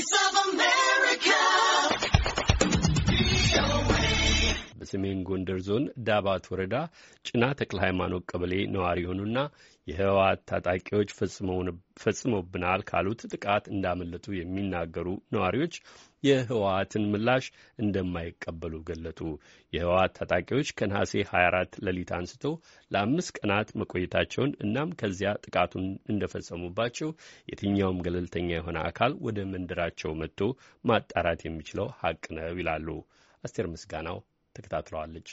voice of በሰሜን ጎንደር ዞን ዳባት ወረዳ ጭና ተክለ ሃይማኖት ቀበሌ ነዋሪ የሆኑና የህወሓት ታጣቂዎች ፈጽመውብናል ካሉት ጥቃት እንዳመለጡ የሚናገሩ ነዋሪዎች የህወሓትን ምላሽ እንደማይቀበሉ ገለጡ። የህወሓት ታጣቂዎች ከነሐሴ 24 ሌሊት አንስቶ ለአምስት ቀናት መቆየታቸውን እናም ከዚያ ጥቃቱን እንደፈጸሙባቸው የትኛውም ገለልተኛ የሆነ አካል ወደ መንደራቸው መጥቶ ማጣራት የሚችለው ሀቅ ነው ይላሉ። አስቴር ምስጋናው ተከታትለዋለች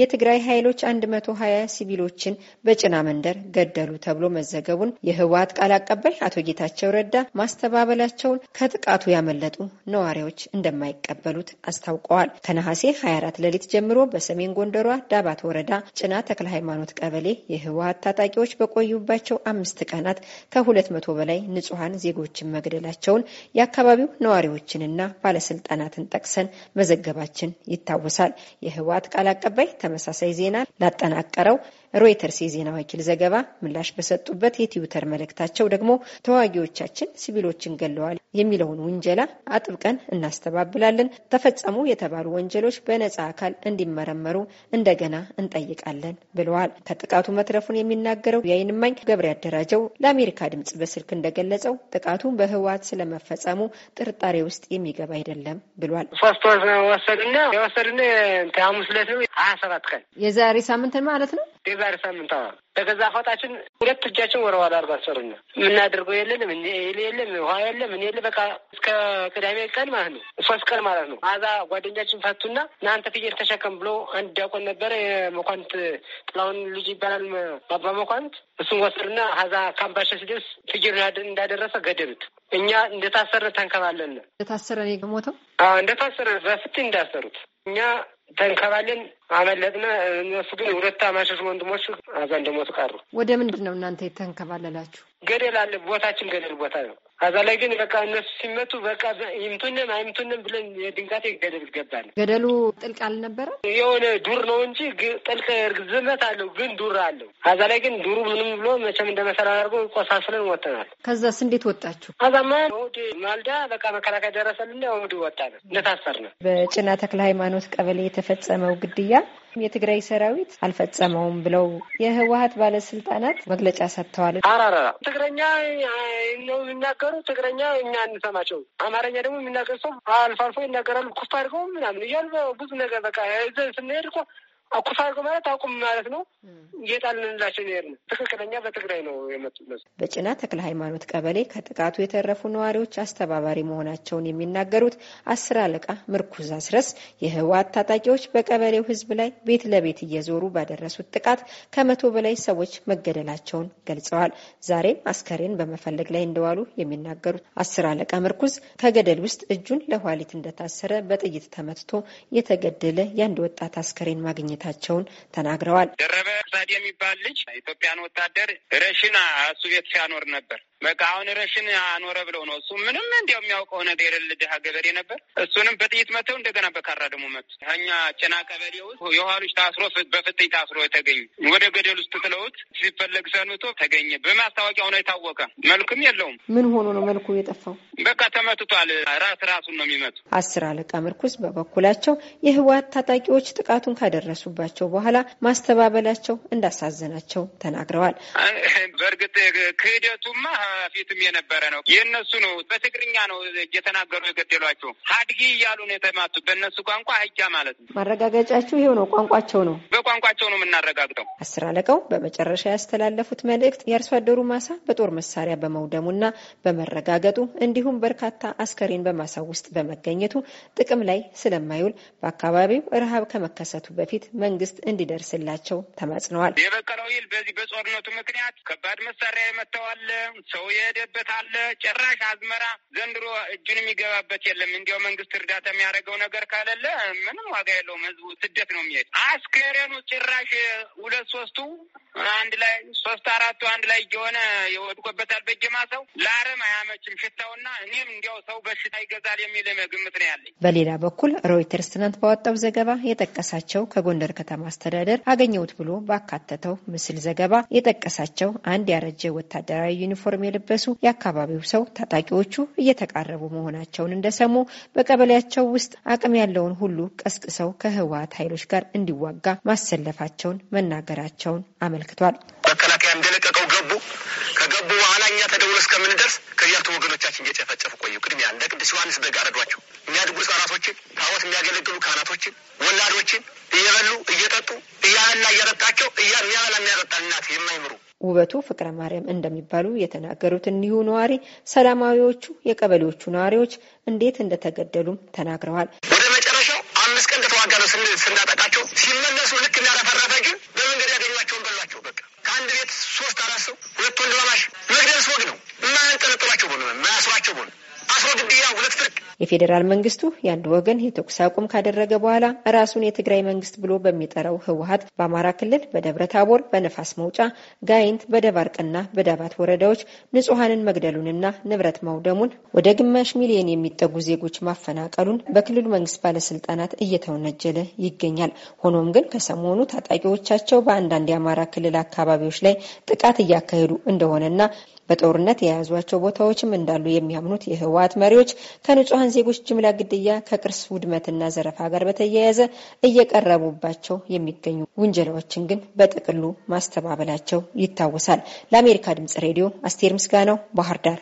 የትግራይ ኃይሎች 120 ሲቪሎችን በጭና መንደር ገደሉ ተብሎ መዘገቡን የህወሀት ቃል አቀባይ አቶ ጌታቸው ረዳ ማስተባበላቸውን ከጥቃቱ ያመለጡ ነዋሪዎች እንደማይቀበሉት አስታውቀዋል። ከነሐሴ 24 ሌሊት ጀምሮ በሰሜን ጎንደሯ ዳባት ወረዳ ጭና ተክለ ሃይማኖት ቀበሌ የህወሀት ታጣቂዎች በቆዩባቸው አምስት ቀናት ከሁለት 200 በላይ ንጹሐን ዜጎችን መግደላቸውን የአካባቢው ነዋሪዎችንና ባለስልጣናትን ጠቅሰን መዘገባችን ይታወሳል። የህወሀት ቃል አቀባይ ተመሳሳይ ዜና ላጠናቀረው ሮይተርስ የዜና ወኪል ዘገባ ምላሽ በሰጡበት የትዊተር መልእክታቸው ደግሞ ተዋጊዎቻችን ሲቪሎችን ገለዋል የሚለውን ውንጀላ አጥብቀን እናስተባብላለን። ተፈጸሙ የተባሉ ወንጀሎች በነጻ አካል እንዲመረመሩ እንደገና እንጠይቃለን ብለዋል። ከጥቃቱ መትረፉን የሚናገረው የዓይን እማኝ ገብረ ያደራጀው ለአሜሪካ ድምጽ በስልክ እንደገለጸው ጥቃቱ በህወሓት ስለመፈጸሙ ጥርጣሬ ውስጥ የሚገባ አይደለም ብሏል። ሶስት ወር ወሰዱና የወሰድና ሐሙስ ዕለት ነው ሀያ ሰባት ቀን የዛሬ ሳምንትን ማለት ነው የዛሬ ሳምንት ዋ በገዛ ፈጣችን ሁለት እጃችን ወደ ኋላ አርባ አሰሩና የምናደርገው የለንም ይል የለም ውሃ የለም እኔ የለ በቃ እስከ ቅዳሜ ቀን ማለት ነው ሶስት ቀን ማለት ነው። አዛ ጓደኛችን ፈቱና እናንተ ፍየል ተሸከም ብሎ አንድ ዲያቆን ነበረ የመኳንት ጥላሁን ልጅ ይባላል አባ መኳንት እሱን ወስድና አዛ ካምባሸ ሲደርስ ፍየል እንዳደረሰ ገደሉት። እኛ እንደታሰረ ተንከባለን እንደታሰረ ሞተው እንደታሰረ በፍት እንዳሰሩት እኛ ተንከባለን አመለጥነ። እነሱ ግን ሁለት አማሸሽ ወንድሞች አዛ እንደሞት ቀሩ። ወደ ምንድን ነው እናንተ የተንከባለላችሁ? ገደል አለ ቦታችን ገደል ቦታ ነው። ከዛ ላይ ግን በቃ እነሱ ሲመቱ በቃ ይምቱንም አይምቱንም ብለን ድንጋቴ ገደል ይገባል። ገደሉ ጥልቅ አልነበረ የሆነ ዱር ነው እንጂ ጥልቅ እርግዝመት አለው ግን ዱር አለው። ከዛ ላይ ግን ዱሩ ምንም ብሎ መቼም እንደመሰራ አድርጎ ቆሳስለን ወጥተናል። ከዛስ እንዴት ወጣችሁ? ከዛማ እሑድ ማልዳ በቃ መከላከያ ደረሰልና እሑድ ወጣ ነው እንደታሰር ነው። በጭና ተክለ ሃይማኖት ቀበሌ የተፈጸመው ግድያ የትግራይ ሰራዊት አልፈጸመውም ብለው የህወሀት ባለስልጣናት መግለጫ ሰጥተዋል። አራራ ትግረኛ ነው የሚናገሩ ትግረኛ እኛ እንሰማቸው፣ አማርኛ ደግሞ የሚናገር ሰው አልፎ አልፎ ይናገራሉ። ኩፍ አድርገው ምናምን እያሉ ብዙ ነገር በቃ እዘን ስንሄድ እኮ አኩሳ ማለት አቁም ማለት ነው። እየጣልንላቸው ነው ያለ ትክክለኛ በትግራይ ነው የመጡ በጭና ተክለ ሃይማኖት ቀበሌ ከጥቃቱ የተረፉ ነዋሪዎች አስተባባሪ መሆናቸውን የሚናገሩት አስር አለቃ ምርኩዝ አስረስ የህወሓት ታጣቂዎች በቀበሌው ህዝብ ላይ ቤት ለቤት እየዞሩ ባደረሱት ጥቃት ከመቶ በላይ ሰዎች መገደላቸውን ገልጸዋል። ዛሬም አስከሬን በመፈለግ ላይ እንደዋሉ የሚናገሩት አስር አለቃ ምርኩዝ ከገደል ውስጥ እጁን ለኋሊት እንደታሰረ በጥይት ተመትቶ የተገደለ የአንድ ወጣት አስከሬን ማግኘት ማግኘታቸውን ተናግረዋል። ደረበ ሳድ የሚባል ልጅ ኢትዮጵያን ወታደር ረሽና እሱ ቤት ሲያኖር ነበር በቃ አሁን ረሽን አኖረ ብለው ነው። እሱ ምንም እንዲያው የሚያውቀው ነገር የሌለ ድሀ ገበሬ ነበር። እሱንም በጥይት መተው እንደገና በካራ ደግሞ መቱ። እኛ ጭና ቀበሌ ውስጥ የኋሎች ታስሮ በፍጥኝ ታስሮ የተገኘ ወደ ገደል ውስጥ ጥለውት ሲፈለግ ሰንቶ ተገኘ። በማስታወቂያ ሁነ የታወቀ መልኩም የለውም። ምን ሆኖ ነው መልኩ የጠፋው? በቃ ተመትቷል። ራስ ራሱን ነው የሚመቱ። አስር አለቃ ምርኩስ በበኩላቸው የህወሀት ታጣቂዎች ጥቃቱን ካደረሱባቸው በኋላ ማስተባበላቸው እንዳሳዘናቸው ተናግረዋል። በእርግጥ ክህደቱማ ፊትም የነበረ ነው። የእነሱ ነው። በትግርኛ ነው እየተናገሩ የገደሏቸው። ሀድጊ እያሉ ነው የተማቱ። በእነሱ ቋንቋ አህያ ማለት ነው። ማረጋገጫቸው ይሄው ነው። ቋንቋቸው ነው። በቋንቋ ነው የምናረጋግጠው። አስር አለቃው በመጨረሻ ያስተላለፉት መልእክት የአርሶ አደሩ ማሳ በጦር መሳሪያ በመውደሙና በመረጋገጡ እንዲሁም በርካታ አስከሬን በማሳ ውስጥ በመገኘቱ ጥቅም ላይ ስለማይውል በአካባቢው ረሃብ ከመከሰቱ በፊት መንግስት እንዲደርስላቸው ተማጽነዋል። የበቀለው ይል በዚህ በጦርነቱ ምክንያት ከባድ መሳሪያ የመተዋለ ሰው የሄደበት አለ። ጭራሽ አዝመራ ዘንድሮ እጁን የሚገባበት የለም። እንዲያው መንግስት እርዳታ የሚያደርገው ነገር ካለለ ምንም ዋጋ የለውም። ህዝቡ ስደት ነው የሚሄድ አስከሬኑ ጭራ ግማሽ ሁለት ሶስቱ አንድ ላይ ሶስት አራቱ አንድ ላይ እየሆነ የወድቆበታል። በጀማ ሰው ለአረም አያመችም ሽታውና፣ እኔም እንዲያው ሰው በሽታ ይገዛል የሚል ግምት ነው ያለኝ። በሌላ በኩል ሮይተርስ ትናንት ባወጣው ዘገባ የጠቀሳቸው ከጎንደር ከተማ አስተዳደር አገኘሁት ብሎ ባካተተው ምስል ዘገባ የጠቀሳቸው አንድ ያረጀ ወታደራዊ ዩኒፎርም የለበሱ የአካባቢው ሰው ታጣቂዎቹ እየተቃረቡ መሆናቸውን እንደሰሙ በቀበሌያቸው ውስጥ አቅም ያለውን ሁሉ ቀስቅሰው ከህወሀት ኃይሎች ጋር እንዲዋጋ ማሰለፋቸው መኖራቸውን መናገራቸውን አመልክቷል። መከላከያ እንደለቀቀው ገቡ። ከገቡ በኋላ እኛ ተደውሎ እስከምንደርስ ከያቱ ወገኖቻችን እየጨፈጨፉ ቆዩ። ቅድሚያ እንደ ቅዱስ ዮሐንስ በግ አረዷቸው። የሚያድጉ ህጻናቶችን፣ ታቦት የሚያገለግሉ ካህናቶችን፣ ወላዶችን እየበሉ እየጠጡ እያህላ እያጠጣቸው እያህላ የሚያጠጣ እናት የማይምሩ ውበቱ ፍቅረ ማርያም እንደሚባሉ የተናገሩት እኒሁ ነዋሪ ሰላማዊዎቹ የቀበሌዎቹ ነዋሪዎች እንዴት እንደተገደሉም ተናግረዋል። አምስት ቀን ከተዋጋ ነው ስናጠቃቸው ሲመለሱ ልክ እንዳረፈረፈ ግን በመንገድ ያገኟቸውን በሏቸው። በቃ ከአንድ ቤት ሶስት አራት ሰው ሁለት ወንድማማሽ መግደል ስወግ ነው የማያንጠለጥሏቸው ቦን የማያስሯቸው ቦን ሁለት የፌዴራል መንግስቱ የአንድ ወገን የተኩስ አቁም ካደረገ በኋላ ራሱን የትግራይ መንግስት ብሎ በሚጠራው ህወሀት በአማራ ክልል በደብረ ታቦር፣ በነፋስ መውጫ፣ ጋይንት፣ በደባርቅና በዳባት ወረዳዎች ንጹሐንን መግደሉንና ንብረት ማውደሙን ወደ ግማሽ ሚሊዮን የሚጠጉ ዜጎች ማፈናቀሉን በክልሉ መንግስት ባለስልጣናት እየተወነጀለ ይገኛል። ሆኖም ግን ከሰሞኑ ታጣቂዎቻቸው በአንዳንድ የአማራ ክልል አካባቢዎች ላይ ጥቃት እያካሄዱ እንደሆነና በጦርነት የያዟቸው ቦታዎችም እንዳሉ የሚያምኑት የህወ የህወሀት መሪዎች ከንጹሐን ዜጎች ጅምላ ግድያ ከቅርስ ውድመትና ዘረፋ ጋር በተያያዘ እየቀረቡባቸው የሚገኙ ውንጀላዎችን ግን በጥቅሉ ማስተባበላቸው ይታወሳል። ለአሜሪካ ድምጽ ሬዲዮ አስቴር ምስጋናው ባህር ዳር